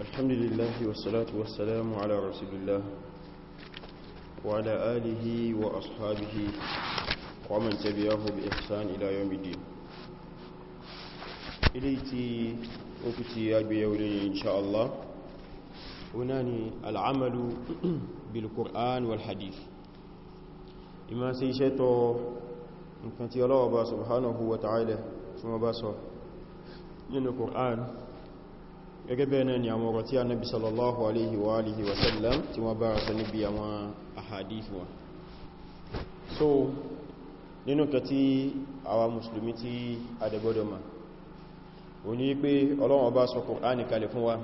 الحمد لله والصلاة والسلام على رسول الله وعلى آله وأصحابه ومن تبعه بإحسان إلى يوم الدين إليتي أكتي أبي يولي إن شاء الله هناني العمل بالقرآن والحديث إما سيشتو إن كانت الله سبحانه وتعالى ثم بصر من القرآن gẹ́gẹ́ bẹ́ẹ̀ náà ni àwọn ọ̀rọ̀ tí Ànábì sallallahu alaihi wa alihi wa sallam tí wọ́n bára sọ níbi àwọn ahadith wọn so nínú kẹ tí àwa mùsùlùmí tí adẹ́gbọ́dọ̀mà o ní pé Ọlọ́run ọba sọ Kùránì kalẹ̀ fún wa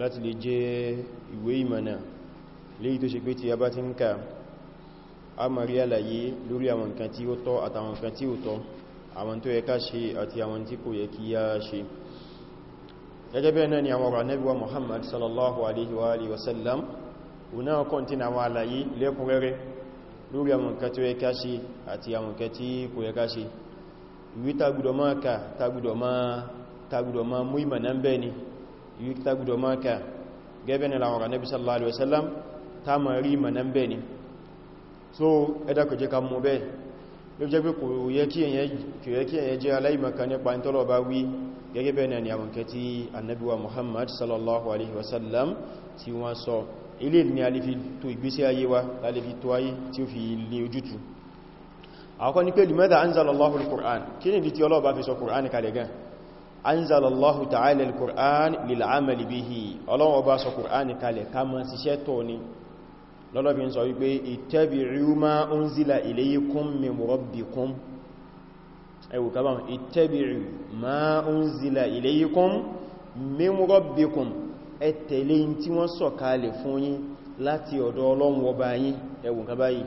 láti lè jẹ́ ìwé ìmọ̀nà léyìí tó ṣe pé tí a bá ti ń ka a ma rí àlàyé lórí àwọn nǹkan tí ó tọ́ àtàwọn nǹkan tí ó tọ́ àwọn tó yẹ ká ṣe àti àwọn tí kò yẹ kí a ṣe gẹ́gẹ́ bẹ́ẹ̀ náà ni àwọn ọ̀rọ̀ anẹ́bíwa Muhammad sallallahu alaihi wa alihi wasallam una ọkọ̀ tí na wà àlàyé lẹ́kùnrẹ́rẹ́ lórí àwọn nǹkan tí àti àwọn nǹkan tí ka tagudọ̀ máa mú ìmọ̀ náà ka gẹ́gẹ́ náà àwọn anẹ́bí sallallahu alaihi wasallam ta so ẹ̀dà kò jẹ́ ká mú bẹ́ẹ̀ ló jẹ́ pé kò yẹ kí èyẹ gẹ́gẹ́ bẹ́ẹ̀ náà ni àwọn kẹ tí annabiwa muhammad sallallahu alaihi wasallam tí wọ́n sọ ilé ni a lè fi tó ìgbésí ayé wa a lè fi tó ayé tí ó fi ní ojútu àkọ́ ní pé limadha anzalallahu al-qur'an kí ni tí ọlọ́ọ̀bá fi sọ qur'an kalẹ̀ gan anzalallahu ta'ala al ma ń sọ wípé ittabi'u ma ẹwù kaba ittabi'u ma unzila ilaykum min rabbikum ẹ tẹ̀lé tí wọ́n sọ kalẹ̀ fún yín láti ọ̀dọ̀ Ọlọ́run ọba yín ẹwù kaba yìí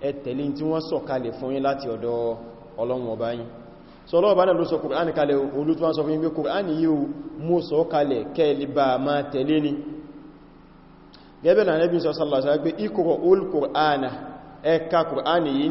ẹ tẹ̀lé tí wọ́n sọ kalẹ̀ fún yín láti ọ̀dọ̀ Ọlọ́run ọba yín so ni gẹ́bẹ̀ náà nẹ́bí sọ sallọ́sọ́ pé ikọ̀ olùkùránà ẹka kùránì yìí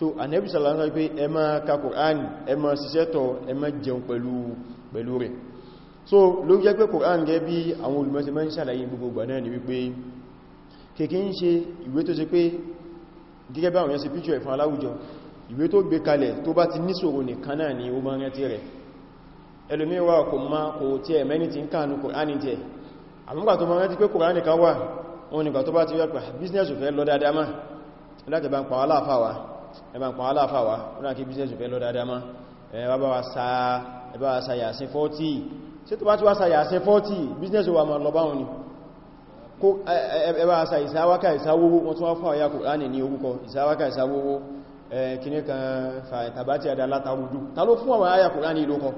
so Ànábì sallallahu alaihi wasallam pé ẹ máa ka Qur'an ẹ máa ṣiṣẹ́ tọ̀ ẹ máa jẹun pẹ̀lú rẹ̀ so ló jẹ́ pé Qur'an gẹ́ bí àwọn olùmọ̀sí máa ń ṣàlàyé gbogbogbà náà ni wípé kèkè ń ṣe ìwé tó ṣe pé gẹ́gẹ́ bá àwọn yẹn ṣe píṣọ̀ ni ó máa rántí rẹ̀ ẹlòmíwà kò má kò tí ẹ̀ mẹ́ni ti ń kànú Kùránì tí ẹ̀ àmúgbà tó máa rántí pé Kùránì kan wà wọn nígbà tó bá ti rẹ̀ pà ah, láti bá ń pa aláàfáwàá ẹbá ń pa aláfàwà ó náà kí business fẹ́ lọ dáadáa má ẹbá wa sa yàsí 40 sí tó bá tí wá sa yàsí 40 business wà mọ̀ lọ báwọn ni ẹbá sa ìsáwákà ìsáwówó wọ́n tún wá fún àyà kòránì ní orúkọ ìsáwákà ìsáwówó kìní kan tàbátí àdá látàrúdú ta ló fún àwọn àyà kòránì ìlókọ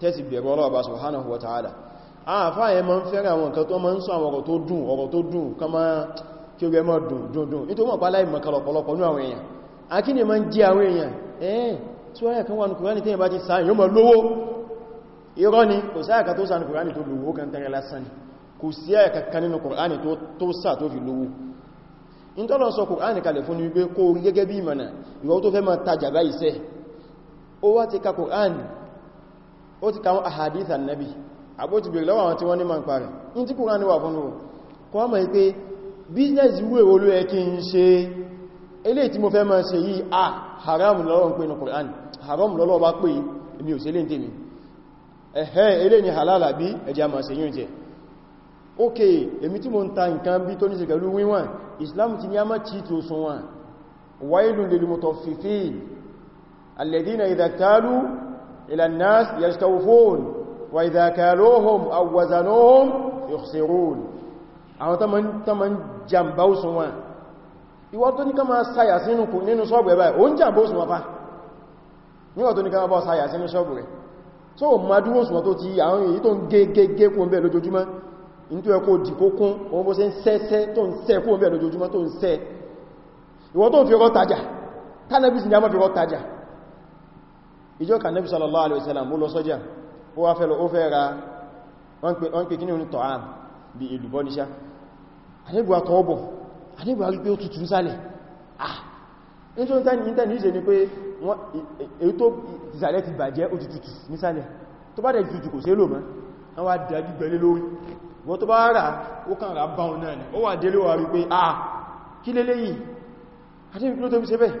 tẹ́sì bẹ̀rọ ọlọ́ọ̀bá subhanahu wa ta'ala àfá ẹ ma ń fẹ́rẹ̀ dùn kama kí ó gẹ mọ́ dùn dùn dùn nítorí wọ́n pàlá akíni ma ń jí àwọn èèyàn ẹ́ẹ̀ tí wọ́n yẹ kan wà ní kùránì tí yẹn bá ti sáà yóò mọ̀ lówó irọ́ ni kò sí àyàkà tó sáà ní kùránì tó lówó kan tẹ́rẹ lásán kò sí àyàkà kan nínú kùránì tó sáà tó fi lówó in tọ́lọ sọ kùránì kalẹ̀ fún wípé kó rí gẹ́gẹ́ ti ka ti nabi eléyìí tí mo fẹ́ máa ṣe yìí à ah, haram lọ́rọ̀ ń pè ní Qur'an haram lọ́rọ̀ bá pè èmi ò sí lè tèmi ẹ̀hẹ́ eléyìí ni halala bí ẹjá máa ṣe yìí jẹ ok èmi tí mo ń ta nǹkan bí tó ní ṣe pẹ̀lú wíwọ̀n Islam ti ní a má tí tó sun wọn wailun wọn ìwọ tó ní ká máa sáyà sínú kò nínú ṣọ́ọ̀bù ẹ̀ báyìí o ń jà bó sùn wọ́pá níwọ̀ tó ní ká máa bọ́ sáyà sínú ṣọ́ọ̀bù rẹ̀ tó o máa dúró sùn tó ti àwọn èyí tó ń gẹ́gẹ́gẹ́ kún bẹ́ẹ̀ lójoojúmọ́ in tó ẹkọ́ dìkó kún òun bó ṣe ń sẹ́sẹ́ tó ń sẹ́ kún bẹ́ẹ̀ lójoojúmọ́ tó ń sẹ́ nígbà wípé ó tutù sálẹ̀ ah nítorí tẹ́ni ní ṣe ni pé èyí tó ìsàlẹ̀ ti bàjẹ́ ó ti tutù nísàlẹ̀ tó bá dẹ̀ tutù kò sí èlò mọ́ wọ́n wá dájú gbẹ̀lẹ̀ ah kí lélé yìí àti ìpínlẹ̀ tó fi ṣe bẹ́ẹ̀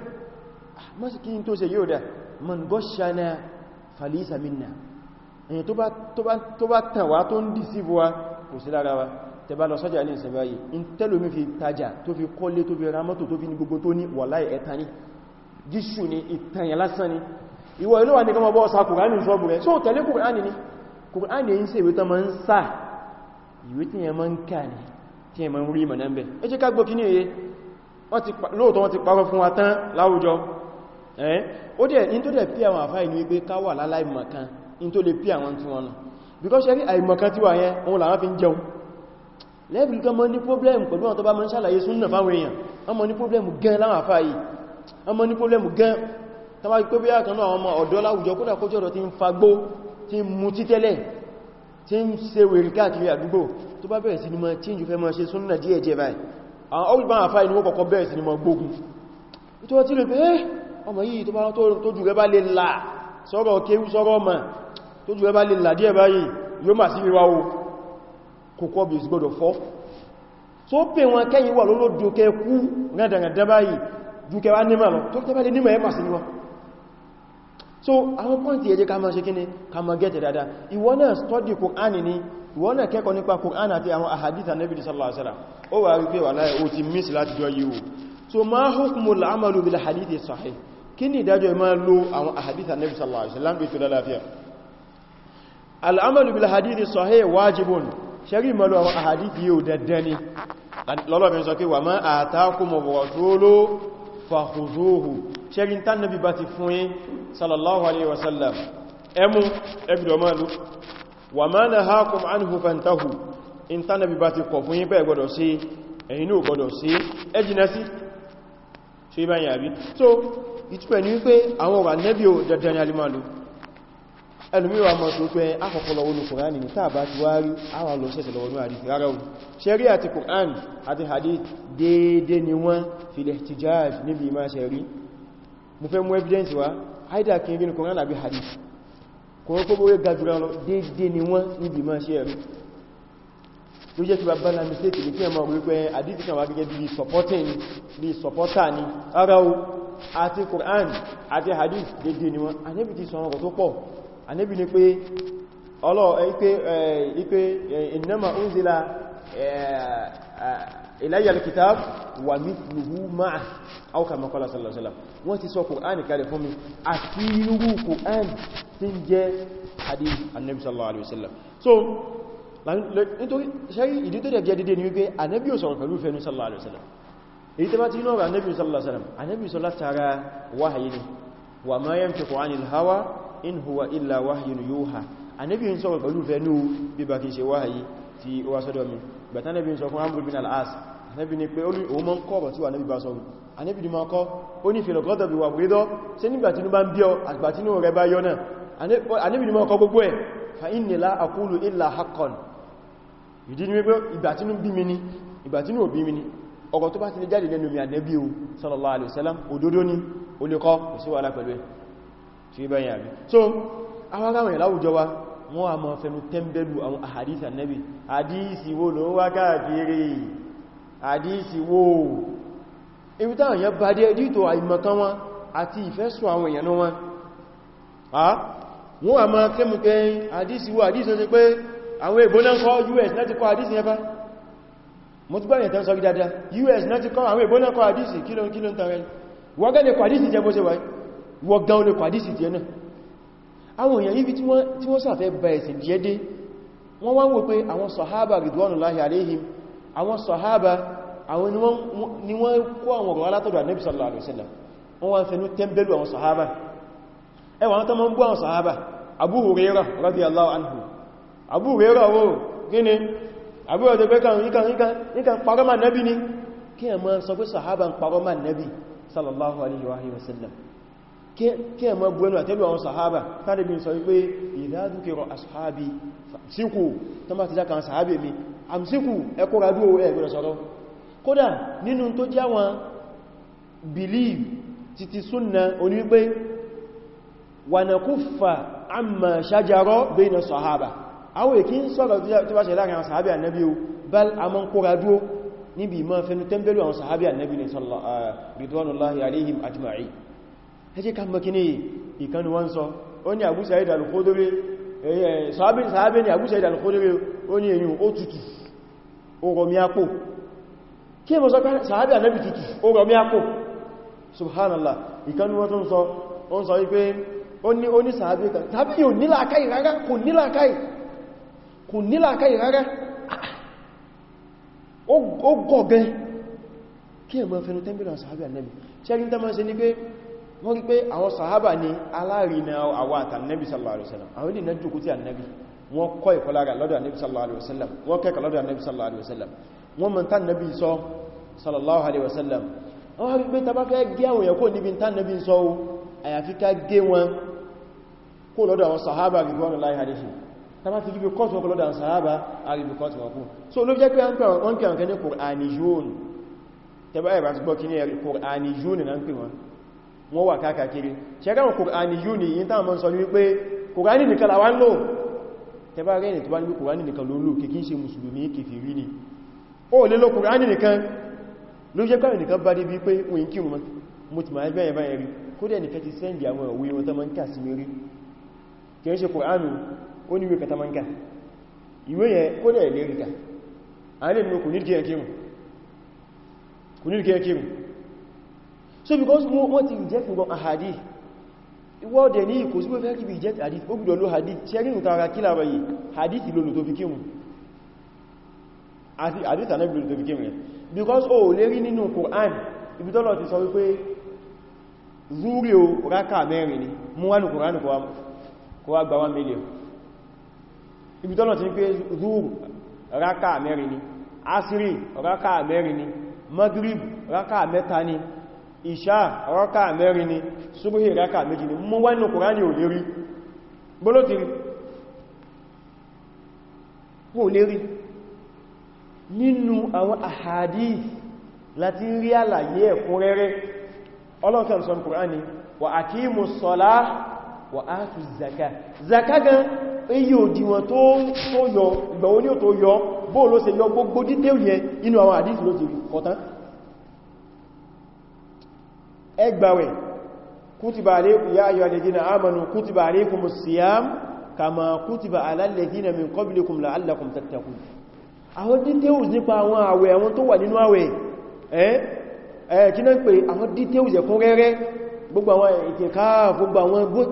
ah, mọ́ falisa minna èyàn tó bá tàn wá tó ń dìsíbwa kò sí lára wa tẹba lọ sọ́jà ní ìsinmi ayé in tẹ́lómi fi tajà tó fi kọ́lé tó fi ra mọ́tò tó fi ní gbogbo tó ní wàláì ẹ̀ta ní jíṣù ní ìtànyà lásán ní ìwọ̀ ilé wà ní kọmọ bọ́ọ̀sá kùránì sọ́bù rẹ̀ só tẹ̀lé kùránì ní kùránì yìí sí ìwé tó ma ń sà ìwé tí yẹn ma ń kà ní tí yẹn ma ń wa tán láwùjọ ẹ́ because ṣe rí àìmọ̀kan tí wà yẹn òun làwọn fi ń jẹun lẹ́bìí kan mọ́ ní problem pẹ̀lú àwọn tó bá mọ́ ń ṣàlàyé súnnà fáwọn èèyàn wọ́n mọ́ ní problem gan láwọn àfá yìí wọ́n mọ́ ní problem gan tàbá pé bí àkan náà ọmọ ọ̀dọ́ láwùjọ kódà kó jọ́dọ̀ tí ń fagbó tí ń mu títẹ́lẹ̀ tí ń ṣe wèrè káàkiri àdúgbò tó bá bẹ̀rẹ̀ sí ni mọ́ tí ń jù fẹ́ mọ́ ṣe súnnà díẹ̀ díẹ̀ báyìí àwọn ọgbà àfá inú kọ̀kọ́ bẹ̀rẹ̀ sí ni mọ́ gbógun tó wọ́n tí lè pé eh, ọmọ yìí tó bá tó jù rẹ bá lè là sọ́rọ̀ kéwú sọ́rọ̀ ọmọ tó jù rẹ bá lè là yóò mà sí ìwà o kòkó bí i gbọ́dọ̀ fọ́ tó pè wọn kẹ́yìn wà lóló dókẹ kú rẹ̀dẹ̀rẹ̀dẹ̀ báyìí dúkẹ́ wá nímọ̀ lọ tó tẹ́bá so àwọn pọ́ntì ẹjẹ́ ká máa ṣe kíni ká máa gẹ́tẹ̀ dáadáa ìwọ náà stọ́dì kùránì ni ìwọ náà kẹ́kọ̀ọ́ nípa kùránì àti àwọn àhàdìtà Nabi sallallahu alaihi wasallam ó wà rí pé wà láì ó ti miss láti jọ yíò so ma hukmul amalu bil hadithi sahih kí ni ìdájọ́ ìmá ṣẹ́rí ìmọ̀lú àwọn àhàdìdì yóò dandan ni lọ́lọ́bìn sọ pé wà máa àtàkùnmọ̀ rasulu fàhùzóhù ṣẹ́rí tánàbí bá ti fún yín sallallahu alaihi wasallam ẹmú ẹgbìdọ̀mọ́lú wà máa nahakum anhu fantahu in tánàbí bá ti kọ̀ so ìtúpẹ̀ ní wípé àwọn ọ̀rọ̀ ànẹ́bí ò dandan ẹlùmíwà mọ̀ tó pé akọ̀kọ̀lọ̀ olù kùránì ní tàbá ti wá rí àwọn lọ sẹ́sẹ̀ lọ́wọ́ ní àdífì rárá ohun ṣẹ́rí àti kùrán àti hadith déédé ni wọ́n fi lè ti jáàj níbi ìmá ṣẹ́rí mo fẹ́ mú evidence wá haida kí rí ní kùrán àbí hadith kùrán kó ni wọ́n níbi ìmá ṣẹ́rí ló jẹ́ kí supporting bí supporter ni ara o àti kùrán àti hadith déédé ni wọ́n àníbi ti sọ ọ̀rọ̀ tó pọ̀ anẹ́bì ni pé ọlọ́ ipé innama unzila ilayya al-kitab wa mithluhu ma'a aw kama qala sallallahu alaihi wasallam wọ́n ti sọ Kùránì kalẹ̀ fún mi àti irú Kùránì tí ń jẹ́ hadith annabi sallallahu alaihi wasallam so nítorí ṣẹ́rí ìdí tó dẹ̀ jẹ́ dédé ni wípé anẹ́bí ò sọ̀rọ̀ pẹ̀lú fẹ́nu sallallahu alaihi wasallam èyí tẹ́ bá ti náà anẹ́bí sallallahu alaihi wasallam anẹ́bí sọ látara wáhayé wa ma yantiqu anil hawa in huwa illa wahyun yuha ànábì ń sọ̀rọ̀ pẹ̀lú fẹ́ ní bí bá kí ṣe wáyí tí ó wá sọ́dọ̀ mi bàtà ànábì ń sọ fún amr bin al-as ànábì ni pé òun mọ́ ń kọ́ bàtí wà ànábì bá sọ́rọ̀ ànábì ni mọ́ kọ́ ó ní fìlọ̀ gọ́dọ̀ bí wà búrédọ́ sí nígbàtí ní bá ń bíọ́ àgbàtí ní rẹ bá yọ́nà ànábì ni mọ́ kọ́ gbogbo ẹ̀ fa inni la aqulu illa haqqan ìdí ni wípé ìgbàtí ní bí mi ni ìgbàtí ní òbí mi ni ọkọ̀ tó bá ti lè jáde lẹ́nu mi ànábì o sallallahu alaihi wasallam òdodo ni ó lè kọ́ kò ẹ̀ ṣe bẹ́yìn àbí so àwọn aráwẹ̀ láwùjọ wa wọ́n a máa fẹnu tẹ́m̀bẹ̀lú àwọn àhàdìsì Ànábì àdìsì wo ló wá káàkiri àdìsì wo ibi táwọn èèyàn bá dé dìtò àìmọ̀kan wọn àti ìfẹ́sù àwọn èèyàn náà wọn wọ́n a máa kẹ́mù pé àdìsì wo àdìsì ó ti pé àwọn èbó náà kọ́ US láti kọ́ àdìsì yẹn bá mo ti gbáyẹ̀ tán sọ gidada US náà ti kọ́ àwọn èbó náà kọ́ àdìsì kílọ̀ kílọ̀ tàwẹ́ wọ́n gẹ́lẹ̀ kọ́ àdìsì jẹ́ bó ṣe wáyé down the wọ́n gan olè pàdísì tí ẹnà àwọn èèyàn ibi tí wọ́n sàfẹ́ bá ẹ̀sìn jẹ́dé wọ́n wá ń wò pé àwọn sọ̀hábà ridwanullahi alayhim àwọn sọ̀hábà àwọn ni wọ́n kó àwọn ọ̀rọ̀ alátọ̀dọ̀ Ànábì sallallahu alaihi wasallam wọ́n wá ń fẹnu tẹ́mbẹ̀lú àwọn sọ̀hábà ẹwà wọn tó mọ́ ń bú àwọn sọ̀hábà Abu Hurairah radiyallahu anhu Abu Hurairah wo gíní Abu Hurairah pé kan parọ́mà Nábì ni kí ẹ mọ́ sọ pé Sahaba ń parọ́mà Nábì sallallahu alaihi wasallam kí ẹ̀mọ́ buwẹ́nu àtẹ́lù àwọn sàhábà tàbí sọ wípé ìdádúkẹrọ àṣàhábì síkù tó bá ti jákan sàhábì mi àmsíkù ẹkọ́ra dúó ẹgbẹ̀rẹ̀ sọ́rọ̀ kódà nínú tó jẹ́ wọn believe títí súnna oní wípé wà na kúfà àmà ṣájarọ́ bẹ́ẹ̀nà sàhábà àwọn èkí ń sọ̀rọ̀ tó bá ṣe láàrin àwọn sàhábì ànẹ́bí o bal àmọ́ kóra dúó níbi ìmọ̀ fẹ́nu tẹ́mbẹ̀lú àwọn sàhábì ànẹ́bí ni sallallahu eh, ridwanullahi alaihim ajma'in ẹjẹ́ ká mọ́ kíní ìkanu wọ́n sọ ó ní Abu Sa'id al-Khudri sàábé ní Abu Sa'id al-Khudri ó ní èyàn ó tutù ó kí mọ́ sọ pé sàábé ànábì tutù ó rọmí àpò subhanallah ìkanu wọ́n tún sọ ó ń sọ wípé ó ní ó ní sàábé kan sàábé yóò nílàákàí rárá kò nílàákàí kò nílàákàí rárá ó gọ̀gẹ́ kí ẹ̀mọ́ fẹnu tẹ́m̀bìlà sàábé ànábì ṣẹ́rin tẹ́mọ́ sí ní pé wọ́n rí pé àwọn sàhábà ní alárinà àwọn àtànẹ́bì sallallahu alaihi wasallam àwọn ìdínà jùkú tí ànẹ́bì wọ́n kọ́ ìkọlára lọ́dọ̀ ànẹ́bì sallallahu alaihi wasallam wọ́n kẹ́kọ̀ọ́ lọ́dọ̀ ànẹ́bì sallallahu alaihi wasallam wọ́n mọ̀ tán nẹ́bì sọ sallallahu alaihi wasallam wọ́n rí pé tàbá fẹ́ gé àwọn èèyàn kó níbi tán nẹ́bì sọ o àyàfi ká gé wọn kó lọ́dọ̀ àwọn sàhábà rìbọ́nù fi gíbi kọ́tù wọn lọ́dọ̀ àwọn sàhábà kọ́tù wọn so ló jẹ́ pé wọ́n kí àwọn kẹ́ ní kùránì yóò tẹ́bá ẹ̀bá ti gbọ́ kí ní ẹ̀rí kùránì yóò nìna ń pè wọn wọ́n wà káàkiri ṣẹ́gbẹ̀rún kùránì yìí ni yìí tàà mọ́ sọ ní wípé kùránì nìkan làwá ń lò tẹbá rẹ̀ tó bá ní kùránì nìkan ló lò kìí ṣe mùsùlùmí kèfèrí ni ó lè lò kùránì nìkan ló jẹ́ kọ́rì nìkan bá dé bí pé oyin kí mo ti máa gbẹ̀yẹ̀ báyẹ̀ rí kó dẹ̀ nìkan ti sẹ́ndì kùránì so because wọ́n ti reject nǹkan ahadi ìwọ́dẹ̀ ní ìkò sí pé fẹ́ kí bí reject hadith ó gbìdọ̀ ló hadith ṣe rí nǹkan ara kílà wáyé hadith lónù tó fi kíhùn àti hadith anábì lónù tó fi kíhùn because o lè rí nínú Qur'an ibi tọ́lọ̀ ti sọ wípé zúrí o rákà mẹ́rin ni mú wá ní Qur'an kó wá gba 1 million ibi tọ́lọ̀ ti ní pé zúrù rákà ni asiri Raka mẹ́rin ni magrib rákà mẹ́ta ni ìṣà ọ̀rọ̀ká mẹ́rin ni ṣubúhì ìrákà méjì ni mú wánú kùránì ò lérí gbólótìrí wọ́n lérí nínú àwọn àhàdí láti rí àlàyé ẹ̀kúnrẹ́rẹ́ ọlọ́kan sọ kùránì wà àkímù sọ́lá wà áàtù zaka zaka gan iye òdíwọ̀n tó yọ ìgbàwó ní yọ yọ gbogbo inú àwọn rí ẹgbàwẹ̀ kútìbà alékùn yá ayyọ̀ alẹ́dínà amanu kútìbà alékùn siyam kama kútìbà alẹ́dínà min kọbílikùn la'allakum tattakun àwọn details nípa àwọn àwẹ̀ àwọn tó wà nínú àwẹ̀ ẹ̀ kí náà pé àwọn details ẹ̀kún rẹ́rẹ́ gbogbo àwọn ìkẹ̀ká àwọn gbogbo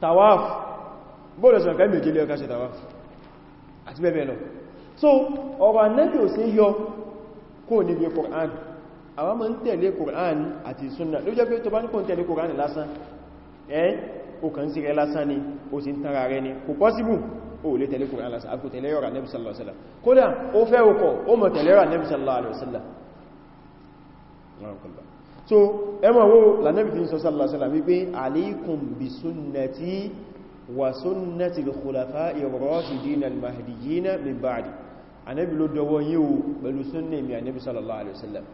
tawaf bọ́ọ̀lọ̀ sọ̀rọ̀ kẹ́mì òjèlé ọkà ṣe tawaf àti bẹ́ẹ̀ bẹ́ẹ̀ lọ so ọ̀rọ̀ anẹ́bì ò sí yọ kó níbi Qur'an àwọn mọ́ ń tẹ̀lé Qur'an àti sunna ló jẹ́ pé tó bá ní kò ń tẹ̀lé Qur'an lásán ẹ́ o kàn sí rẹ lásán ni o sì ń tara rẹ ni kò pọ́síbù o lè tẹ̀lé Qur'an lásán àkò tẹ̀lé ọ̀rọ̀ anẹ́bì sallallahu alaihi wasallam kódà O, fẹ́ okọ̀ O, mọ̀ tẹ̀lé ọ̀rọ̀ anẹ́bì sallallahu alaihi wasallam so ẹmọ̀ wo lànàbì fi ń sọ sallallahu alaihi wípé alíkùn bi sunnati wa sunnati al-khulafa'ir rashidin al na min ba'di ànábì ló dọwọ́ yíò pẹ̀lú súnnà mi ànábì sallallahu alaihi wasallam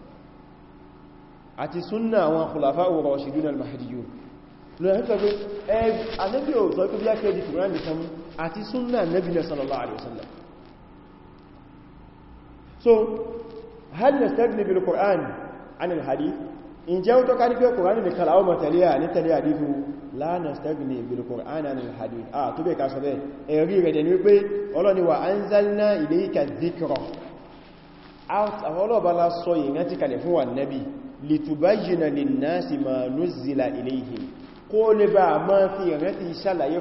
àti súnnà àwọn khulafa'ir rashidin al-mahdiyyin ànábì ò sọ pé bí kẹ́ di kùrán nìkan àti súnnà ànábì náà sallallahu alaihi so hal nastagni bil qur'an an al hadith ǹjẹ́ ó tọ́ka ní pé kòránì ní kàlá ọmọ tẹ̀lé ní tẹ̀lé àdífú lánà stẹ́gbìnì ìbìlù kòránà ní hadith ah tó bẹ̀ ká sọ bẹ́ ẹ̀rí rẹ̀ dẹ̀ni wípé ọlọ́ni wà anzalna ilayka dhikra ọlọ́bàlá sọ ìrántí kalẹ̀ fún wa nabi litubayyina linnasi ma nuzzila ilayhim kó lè bá ma fi ìrántí ṣàlàyé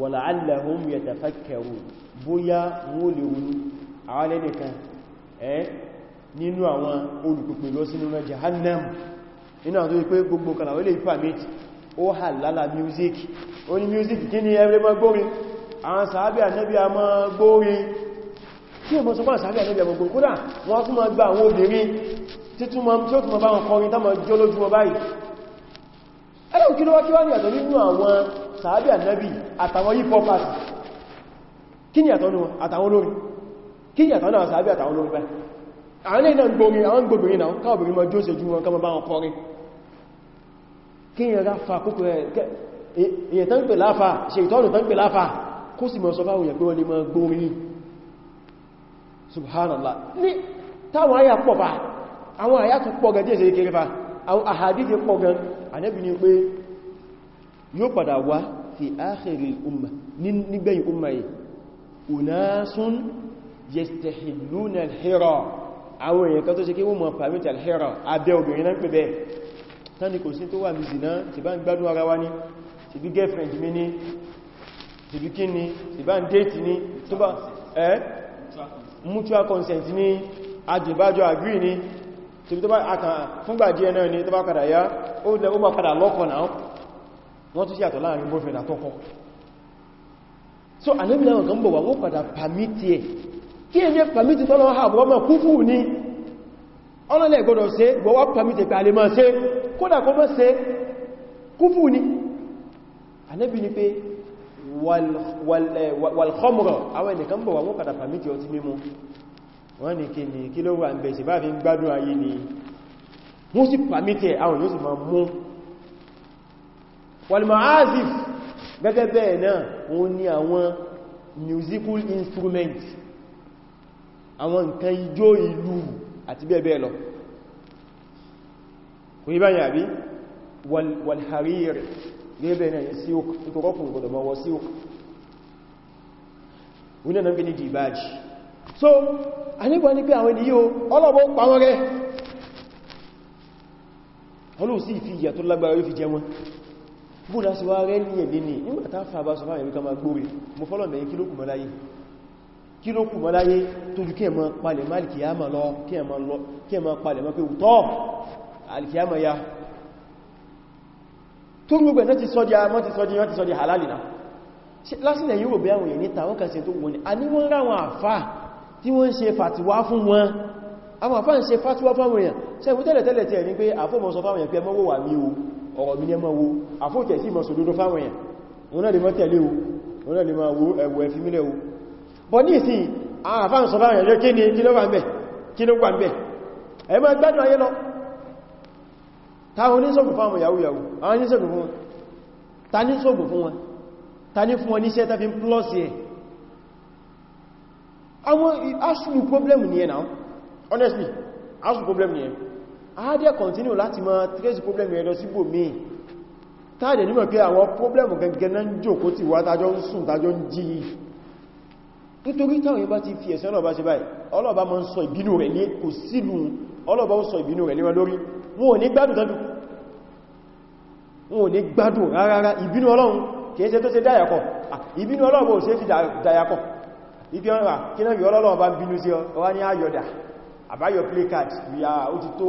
wàláàlẹ́hùn yẹ̀tẹ̀fẹ́kẹ̀rù bóyá wọ́n lè wúlú àwọn ẹnìkan ẹ́ nínú àwọn olùpùpù lọ sínú rẹ̀ jahannam inú àwọn tó wípé gbogbo kanáwó lè pàmìtì ó hà lálà music ó ní music kí ni ẹgbẹ́ mọ́ gbórin àwọn sàábẹ̀ ànẹ́bí a mọ́ gbórin kí ẹmọ́ sọ pàà sàábẹ̀ ànẹ́bí a mọ́ gbórin kódà wọ́n tún mọ́ gba àwọn obìnrin tí tún mọ́ tí ó tún mọ́ bá wọn kọrin tá mọ́ jọ lójú wọn báyìí ẹ̀rọ kí ló wá kí wá ní àtọ̀ nínú àwọn sàábẹ̀ ànẹ́bí àtàwọn hip hop artist kí ni àtọ́nù àtàwọn olórin kí ni àtọ́nù àwọn sàábí àtàwọn olórin báyìí àwọn ilẹ̀ náà gbórin àwọn gbóbìnrin náà káwọ̀bìnrin mọ́ jóse jú wọn kọmọ bá wọn kọrin kí ni ra fa kúkú rẹ̀ èyẹ̀ tán pè láfà ṣe ìtọ́nù tán pè láfà kó sì mọ́ sọ fáwọn èèyàn pé wọ́n lè mọ́ gbórin subhanallah ní táwọn àyà pọ̀ bá àwọn àyà tó pọ̀ gan díẹ̀ sí kéré fa àwọn àhàdíjẹ pọ̀ gan ànẹ́bì ni pé yóò padà wá fi akhiril umma nígbẹ̀yìn umma yìí unasun yastahilluna al-hira àwọn èèyàn kan tó ṣe kí wọ́n mọ̀ permit al-hira abẹ́ obìnrin náà pẹ̀bẹ̀ tánì kò sí tó wà mìsìná tí bá ń gbádùn ara wá ní tí bí girlfriend mi ní tí bí kí ni tí bá ń date ní tó bá ẹ́ mutual consent ní àjìbájọ agree ní tí bí tó bá fúngbà díẹ̀ náà ní tó bá padà yá ó lẹ́ wọ́n tún yàtọ̀ láàrin boyfriend àtọ́kọ so anẹ́bìnà àwọn kan bọ̀ wà wọ́n padà pàmítì ẹ̀ kí ẹ̀ jẹ́ pàmítì tọ́lọ ha bọ́ mọ̀ kúfù ní ọlọ́lẹ̀ gbọ́dọ̀ ṣe gbọ́wọ́ pàmítì pẹ̀ alẹ́ máa ṣe kódà kó mọ́ ṣe kúfù ní anẹ́bì ni pé wàlhọ́mùrọ̀ àwọn ẹnìkan bọ̀ wà wọ́n padà pàmítì ọtí mímu wọ́n ni kí ni kí ló wà ń bẹ̀ sí bá fi ń gbádùn ayé ni wọ́n sì pàmítì àwọn yóò sì máa mú walmaazif gẹ́gẹ́ bẹ́ẹ̀ náà wọ́n ní àwọn musical instrument àwọn nǹkan ijó ìlú àti bẹ́ẹ̀ bẹ́ẹ̀ lọ kò yí báyìí àbí walharir gẹ́gẹ́ bẹ́ẹ̀ náà sí òk ìtòrọ́kùn gbọdọ̀ mọ́wọ́ sí òk wọ́n náà gẹ́ni dìbájì so a nígbà ní pé àwọn ènìyàn ọlọ́bọ̀ pàwọn rẹ̀ ọlọ́ sí ìfìyà bó lásì wá rẹ̀ ní ẹ̀lẹ́ ní nígbàtá fàbá sọ fáwọn ẹ̀ríkà máa gbóre mo fọ́lọ̀ mẹ́rin kí ló kù mọ́láyé kí ló kù mọ́láyé tó jù kí ẹ máa palẹ̀ mọ́ alìkìyàmà lọ kí ẹ máa palẹ̀ mọ́ pé tọ́ alìkìyàmà ya halali na lásìlẹ̀ yóò bí àwọn èèyàn ni a ní wọ́n ráwọn àfá tí wọ́n ń ṣe fàtíwá fún wọn àwọn àfá ń ṣe fàtíwá fáwọn èèyàn ṣe ìwútẹ́lẹ̀tẹ́lẹ̀ tí ẹ̀ ní pé àfọ́mọ́sọ fáwọn èèyàn pé ẹmọ́wọ́wà mí o ọ̀rọ̀ mi ní ẹmọ́ wo àfóòtẹ̀ sí mọ̀ sòdodo fáwọn èèyàn wọn náà lè mọ́ tẹ̀lé o wọn náà lè máa wo ẹ̀wọ̀ ẹ̀fí mílẹ̀ o bọ́ ní ìsìn àfáà sọ fáwọn èèyàn kí ni kí ló wà ń bẹ̀ kí ló wà ń bẹ̀ ẹ máa gbádùn ayé lọ táwọn oníṣògùn fáwọn yahoo yahoo àwọn oníṣògùn fún wọn ta ní ṣògùn fún wọn ta ní fún wọn ní iṣẹ́ tàbí plus yẹ àwọn aṣùlù problem ni ẹ̀ náà honestly aṣùlù problem ni ẹ̀ àádẹ́ continue láti máa trace problem rẹ̀ lọ sí bò míì táàdẹ̀ nímọ̀ pé àwọn problem gẹngẹn náà ń jòkó ti wá tájọ́ ń sùn tájọ́ ń jí yìí nítorí táwọn yẹn bá ti fi ẹ̀sẹ̀ ọlọ́ọ̀bá ṣe báyìí ọlọ́ọ̀bá máa ń sọ ìbínú rẹ̀ ní kò sílù ọlọ́ọ̀bá ó sọ ìbínú rẹ̀ léwọn lórí wọn ò ní gbádùn ibi ọ̀rọ̀ kí náà yọ ọlọ́ọ̀bá ń bínú sí àbáyọ̀ play card ìyà ó ti tó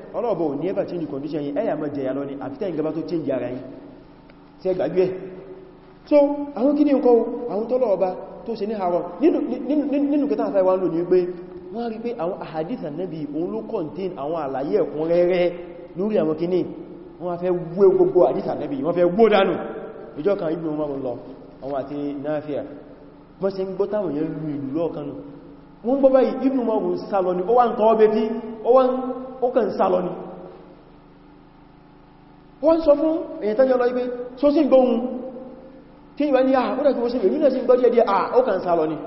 ọlọ́ọ̀bọ̀ ò ní ẹbà change condition yìí ẹ̀yà mọ́ jẹyà lọ ní àfíta ìgbà tó change ara yìí tí ẹ gbàgbé ẹ̀ so àwọn kí ní nǹkan àwọn tọ́lọ̀ọba tó ṣe ní haram nínú kẹta àfẹ́ wa ń lò ní pé wọ́n rí pé àwọn ahadith Ànábì òun ló contain àwọn àlàyé ẹ̀kún rẹ́rẹ́ lórí àwọn kìíní wọ́n fẹ́ wé gbogbo ahadith Ànábì wọ́n fẹ́ kan lọ àwọn àti náàfíà ó kàn sálọ ni wọ́n sọ fún èyàn tán yọ́lọ ipé so sí gbóhun tí ìwẹ́ ní àà ah, ó dẹ̀ kí wọ́n sí èyí náà sí gbọ́ díẹ̀díẹ̀ àà ah, ó kàn sálọ ni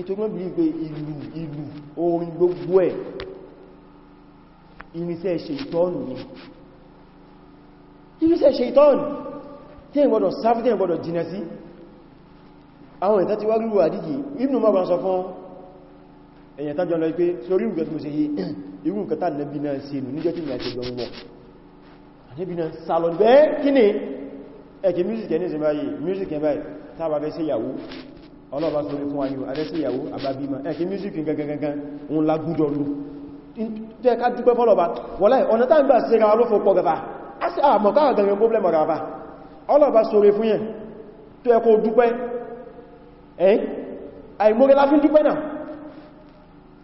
ìtòkùn bí i pé ìlú ìlú orin gbogbo ẹ̀ irinṣẹ́ ṣe ìtọ́nù ni irinṣẹ́ ṣe ìtọ́nù tí ẹ̀ gbọ́dọ̀ sáfí tí ẹ̀ gbọ́dọ̀ jìnà sí àwọn ìtàtíwárí wà díje Ibn Umar sọ fún èyàn tájọ lọ pé sórí ìrùgbẹ̀ tó mo se yí irú kẹta nẹ́bí náà sí ìlú níjọ́ tí mi àti ìjọ ń wọ̀ ànẹ́bí náà sálọ bẹ́ẹ̀ kí ni ẹ̀kì music ẹni sí báyìí music ẹ̀ báyìí tàbà fẹ́ sí ìyàwó ọlọ́ọ̀bá sórí fún ayò adẹ́ sí ìyàwó àbábímọ ẹ̀kì music gangan òun lagúdọ̀ lù tẹ́ ká dúpẹ́ fọ́lọ̀bá wọ́lá ọ̀nà tá ń gbà sí ara ló fò pọ̀ gẹfà á sì àmọ̀ káà gangan problem ara bá ọlọ́ọ̀bá sórí fún yẹn tó ẹkọ̀ dúpẹ́ ẹ̀ àìmọ́gẹ́lá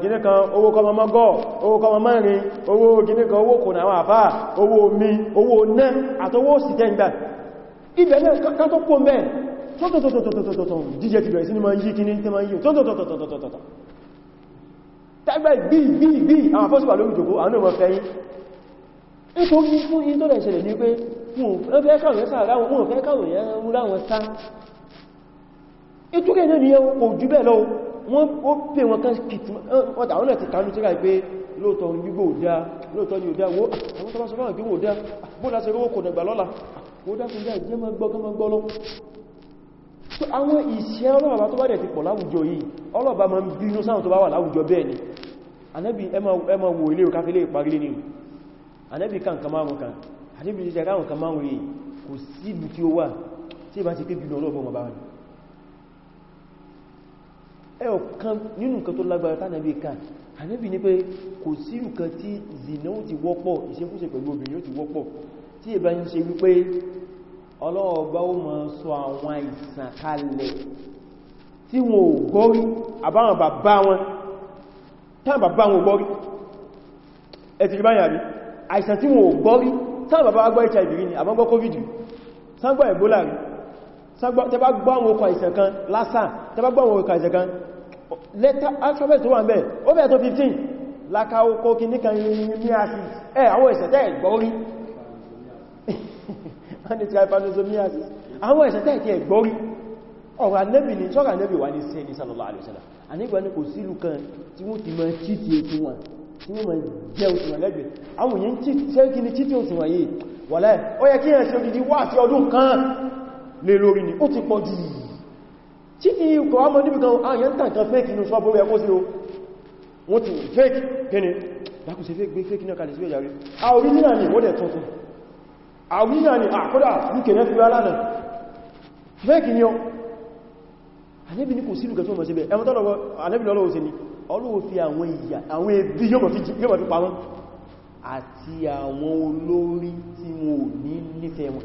kìní kan owó kọmọ mọ́gọ́ owó kọmọ mọ́rin owó kìní kan owó kò náà àfá owó omi owó náà àtọwó sì tẹ́gbà ibẹ̀ náà kan tó pọ̀ mẹ́ tọ́tọ̀tọ̀tọ̀tọ̀tọ̀tọ̀ jíjẹ ti bẹ̀rẹ̀ sí ni ma yí kìní tí ma yí tọ́tọ̀tọ̀tọ̀tọ̀tọ̀tọ̀ tẹ́gbà bí bí bí àwọn fọ́síwà lórí jòkó àwọn ọmọ fẹ́ yí nítorí fún ìtọ́lẹ̀ ìṣẹ̀lẹ̀ ní pé wọ́n fẹ́ kàwẹ̀ sáà láwọn wọ́n fẹ́ kàwẹ̀ yẹn láwọn sá ìtúkẹ̀ náà ni yẹn kò jù bẹ́ẹ̀ lọ́wọ́ wọ́n ó pè wọn kan kìtì wọ́n tàwọn náà ti kanú tíra pé lóòtọ́ gbígbò òdá lóòtọ́ ni òdá wọ́n tó bá sọ fáwọn gbígbò òdá bóòdá sí owó kò dẹ̀gbà lọ́la òdá fún dáì jẹ́ mọ́ gbọ́ gbọ́ gbọ́ lọ so àwọn ìṣẹ́ ọlọ́ọ̀bá tó bá dẹ̀ ti pọ̀ láwùjọ yìí ọlọ́ọ̀bá máa ń bínú sáwọn tó bá wà láwùjọ bẹ́ẹ̀ ni anẹ́bí ẹmọ wo ilé òkà fílé ìparílé ni anẹ́bí kan kan márùn kan anẹ́bí jẹ́ ráhùn kan márùn yìí kò sí ibi tí ó wà tí ìbá ti pé bínú ọlọ́ọ̀bá ọmọ bá wọn ẹ̀ọ̀kan nínú nǹkan tó lágbára tánàbí ká ànábì ní pé kò sí nǹkan tí zina ó ti wọ́pọ̀ ìṣekúṣe pẹ̀lú obìnrin ó ti wọ́pọ̀ tí ìbá ń ṣe wípé ọlọ́ọ̀bá ó máa sọ àwọn àìsàn kalẹ̀ tí wọn ò gbọ́rí àbáwọn bàbá wọn táwọn bàbá wọn ò gbọ́rí ẹ ti rí báyìí àbí àìsàn tí wọn ò gbọ́rí táwọn bàbá gbọ́ HIV ni àbọ́gbọ́ COVID sáńgbọ́ Ebola rí tẹbá gbọ́ àwọn okọ̀ ìsẹ̀ kan lásán tẹbá gbọ́ àwọn okọ̀ ìsẹ̀ kan lẹ́tà alphabet tó wà ń bẹ̀ ó bẹ̀ tó 15 láka okó kí ní kan ní àti ẹ̀ àwọn ìsẹ̀ tẹ́ gbọ́rí àwọn ìsẹ̀ tẹ́ kí gbọ́rí ọ̀rọ̀ anẹ́bì ni sọ́rọ̀ anẹ́bì wà ní sí ní sallallahu alaihi wasallam anẹ́gbà ní kò sílù kan tí wọ́n ti máa títí ètò wọn tí wọ́n máa jẹ́ òtùwọ̀n lẹ́gbẹ̀ẹ́ àwọn èyàn títí òtùwọ̀n yìí wọ́lẹ́ ó yẹ kí ẹ̀ ṣe odidi wá sí ọdún kan lé lórí ni ó ti pọ̀ jù tí kí ikọ̀ ọmọ níbi kan àyẹ́ tàǹkan fake inú ṣọ́bọ̀ rẹ̀ kó sí o wọ́n ti fake gẹ́ni dákùsẹ̀ fake gbé fake náà kalẹ̀ sí ẹ̀yà rẹ̀ a original ni wọ́n dẹ̀ tuntun a original ni àkọ́dà uk náà fi rárá náà fake ni ọ anẹ́bì ní kò sí lùgẹ́ tó mọ̀ síbẹ̀ ẹmọ́ tọ́lọ́wọ́ anẹ́bì lọ́lọ́wọ́ sí ni ọlọ́wọ́ fi àwọn ìyà àwọn ẹbí yóò mọ̀ fi pamọ́ àti àwọn olórí tí wọn ò ní nífẹ̀ẹ́ wọn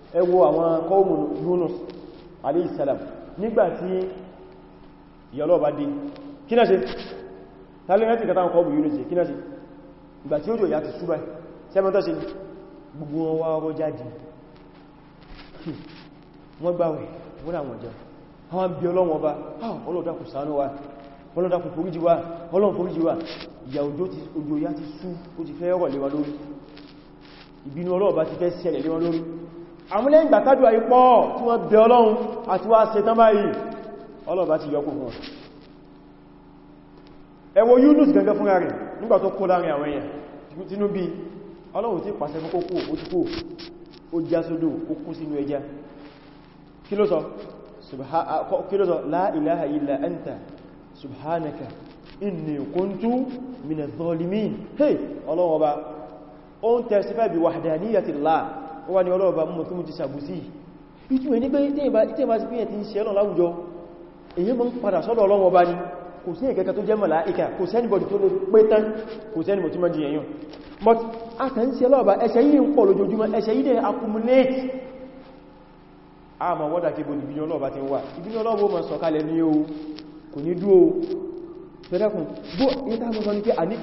ẹ wo àwọn kọ́ọ̀mù Yunus alayhi salam nígbàtí ìyọlọ́ bá dé kí náà ṣe tàbílẹ̀mẹ́tì kàtà kọ́ọ̀mù Yunus kí náà ṣe ìgbàtí ó jò yà ti ṣúbà sẹ́mọ́tọ́ ṣe gbogbo wọn wá ọrọ̀ jáde hmm. wọ́n gbáwẹ̀ wọ́n àwọn jẹun àwọn bí ọlọ́wọ́n bá ọlọ́dàkù ṣàánú wa ọlọ́dàkù foríjì wa ọlọ́run foríjì wa ìyà òjò ya ti ṣú ó ti fẹ́ rọ̀ lé wa lórí ìbínú ọlọ́ọ̀bá ti fẹ́ ṣẹlẹ̀ lé wa lórí àwọn lẹ́yìn gbàtàdù àyípọ̀ tí wọ́n bẹ ọlọ́run àti wá ṣe tán báyìí ọlọ́ọ̀bá ti yọkù fún ẹ wo Yunus gẹ́gẹ́ fúnra rẹ̀ nígbà tó kó láàrin àwọn èèyàn tínú bí ọlọ́run ti pàṣẹ fún kókó ó ti kó ó já sódò ó kú sínú ẹja kí ló sọ la ilaha illa anta subhanaka inni ó wá ní ọlọ́ọ̀bá mú kí mú ti sàbùsí ìtumẹ̀ ní pé ìtẹ́bà pínyẹ̀ ti ń ṣẹ́lọ̀ láwùjọ èyí mọ́ ń padà sọ́dọ̀ ọlọ́wọ́ ní kò sí ẹ̀kẹ́kẹ́ tó jẹ́ màláìkà kò kò sẹ́nìbọ̀ but a kàn ń ṣe lọ́ọ̀bá ẹ̀ṣẹ̀ yìí ń pọ̀ lójoojúmọ́ ẹ̀ṣẹ̀ yìí dẹ̀ accumulate a ma wọ́dà kébò ní ìbíyàn o kò ní dúó pẹ̀lẹ́kùn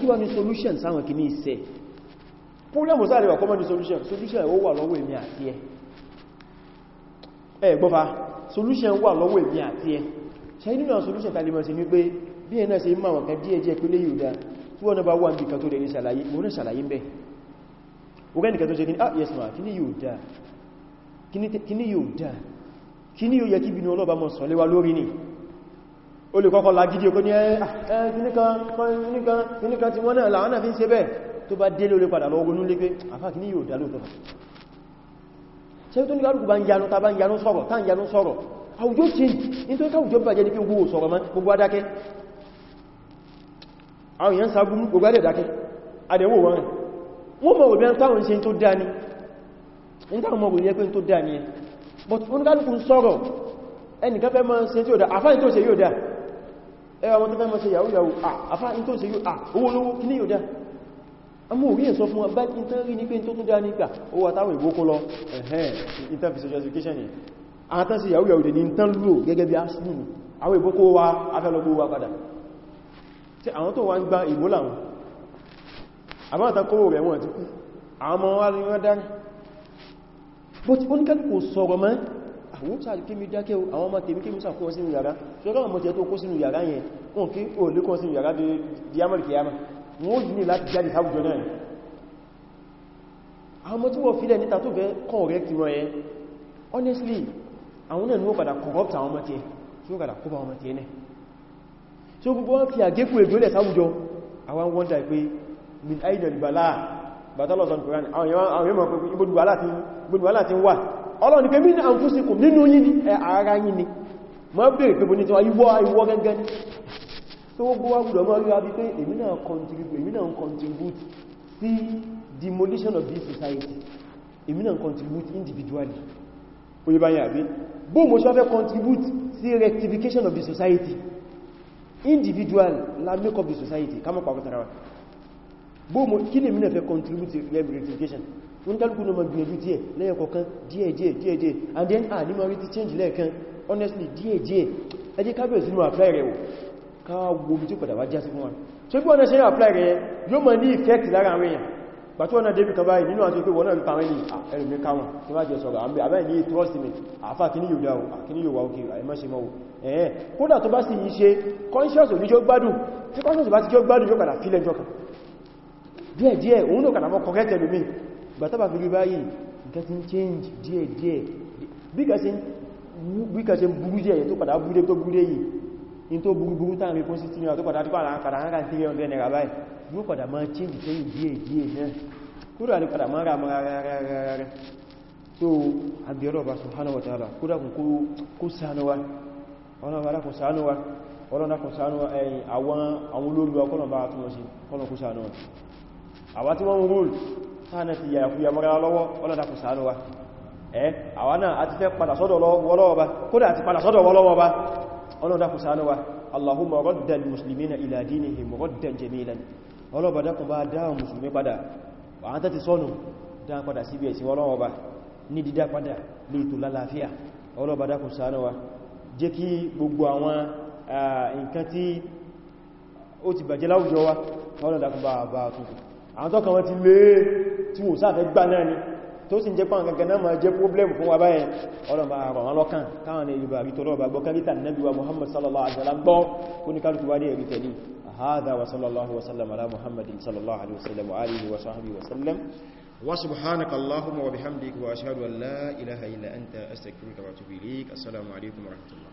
bó ni solution sáwọn kì ní problem sáà lè wà common solution solution ó wà lọ́wọ́ èmi àti ẹ ẹ gbọ́fà solution wà lọ́wọ́ èmi àti ẹ ṣe nínú àwọn solution tàbí mọ̀ sí ní pé bí ẹ̀ náà ṣe mọ̀ àwọn kan díẹ̀ díẹ̀ pé lè yóò dá tí wọ́n bá wà nìkan tó lè ní ṣàlàyé mo ní ṣàlàyé bẹ́ ọgẹ́ nìkan tó ṣe ní ah yes ma kí ni yóò dá kí ni yóò dá kí ni yóò yẹ kí bínú ọlọ́ba mọ̀ sọ̀lẹ́wà lórí ni ó lè kọ́kọ́ lagídí ọkọ́ ní eh, eh, ẹ́ tó bá délé olè padà lọ ogunú lé pé àfáàkì ní yóò dá lóòtọ́ ṣe tó ní kálùkù bá ń yanú ta bá ń yanú sọ̀rọ̀ tá ń yanú sọ̀rọ̀ àwùjọ tí ní tó káwùjọ bàjẹ́ ní pé gbogbo sọ̀rọ̀ mọ́ gbogbo wọn tó fẹ́ mọ́ ṣe tí ó dá àfáà tó ṣe yóò dá owó olówó kí ní yóò dá àmọ́ orí ẹ̀sọ fún ọba tí tán rí ní pé tó tó dá nígbà ó wà táwọn ìgbókó lọ ẹ̀hẹ́n intern for education ni àtán sí yàwó ìdè tán lò gẹ́gẹ́ bí asìlú àwọn ìgbókó wa afẹ́lọgbó wa padà tí àwọn tó wá ń gba ìbó làwọn àbáta kó rẹ̀ but ó ní kẹ́lù kò sọ̀rọ̀ mọ́ àwọn òṣà kémi dákẹ́ àwọn ọmọ tèmi kémi sàkóhun sínú yàrá ṣọ́rọ̀ ọmọ tẹ́ tó kó sínú wọ́n yìí láti jáde sáwùjọ náà àwọn mọ́ tí wọ́n fílẹ̀ níta tó fẹ́ correct wọ́n yẹn honestly àwọn náà ni wọ́n padà corrupt àwọn ọmọ tí ẹ tí wọ́n padà kó bá ọmọ tí ẹ náà tí ó gbogbo wọ́n fi àgékù ègbólẹ̀ sáwùjọ àwọn wọ́n dà pé min pé so gbogbo wa gbọ́dọ̀ máa rí wa bí pé èmi náà contribute èmi náà contribute sí demolition of this society èmi náà contribute individually oye báyìí àbí bó mo ṣe fẹ́ contribute sí rectification of the society individual la make up the society ká mọ́ pàpàtàrà wa bó mo kí lè mi náà fẹ́ contribute sí rectification wọ́n dálùkù náà ma gbìyànjú díẹ̀ lẹ́yìn kọ̀ọ̀kan díẹ̀ díẹ̀ díẹ̀ díẹ̀ and then ah ní ma rí change change lẹ́ẹ̀kan honestly díẹ̀ díẹ̀ ẹjẹ́ kábẹ̀ẹ̀ sínú àfẹ́ rẹ̀ wò káwà wo bí tí padà wá já sí fún wọn so bí wọ́n ṣe ń apply rẹ̀ yóò mọ̀ ní effect lára àwọn èèyàn pàtí wọ́n náà débi kan báyìí nínú àti pé wọ́n náà ń pàwọn ènìyàn ah, ẹ̀rùn ní káwọn tí wá jẹ sọ̀rọ̀ àmì àbáyìí ní trust me àfá kí ní yóò dáwò ah, kí ní yóò wá òkè àìmọ́ṣe mọ́wò ẹ̀ẹ́ kódà tó bá sì yí ṣe conscious òní jọ gbádùn tí conscious bá ti jọ gbádùn yóò padà fílẹ̀ jọ kan díẹ̀ díẹ̀ òun náà kàdàmọ́ correct ẹlòmí gbàtàbà fi rí báyìí nǹkan ti ń change díẹ̀ díẹ̀ bí kà ṣe burú díẹ̀ tó padà burú dé tó burú dé yìí in tó burúburú tàn rí fún 60 naira tó padà tó padà padà hàn kàn 300 naira báyìí yóò padà máa change sẹ́yìn díẹ̀ díẹ̀ náà kúrò àti padà máa rà mara rárárárá tó àbíọ́lọ̀ bá subhanahu wa ta'ala kúrò kó sánúwa ọlọ́nà kó sánúwa ọlọ́nà kó sánúwa ẹ̀yìn àwọn olóògbé ọkọ̀nà bá tún lọ sí kọ́nà kó sánúwa àwọn tí wọ́n rúl sáànà ti yà kú yamara lọ́wọ́ ọlọ́nà kó sánúwa ẹ̀ àwọn náà àti fẹ́ padà sọ́dọ̀ wọ́lọ́wọ́ bá kódà àti padà sọ́dọ̀ wọ́lọ́wọ́ bá ọlọ́dàkùn sánúwà allahumma raddal muslimina ila dinihim raddan jamilan ọlọ́bàdàkùn bá dáa musulmi padà àwọn tàti sọ́nù dáa padà sí bẹ̀ẹ̀sì ọlọ́wọ́ba ní dídá padà lè tó lálàáfíà ọlọ́bàdàkùn sánúwà jẹ́ kí gbogbo àwọn nǹkan tí ó ti bàjẹ́ láwùjọ wa ọlọ́dàkùn bá bá tuntun àwọn tọ́kàn tó sì ń jẹ́ pàwọn gangan náà ma jẹ́ problem fún wa báyẹn ọlọ́mà àrọ̀ wọn lọ́kàn káwọn ní ìlú àrí tọ́lọ́bà gbọ́ káríta nàbí wa muhammad sallallahu alaihi wasallam gbọ́ oníkálùkù wá dé ẹ̀rí tẹ̀lé hadha wa sallallahu wasallam ala muhammadin sallallahu alaihi wasallam wa alihi wa sahbihi wasallam wa subhanaka allahumma wa bihamdika wa ashhadu an la ilaha illa anta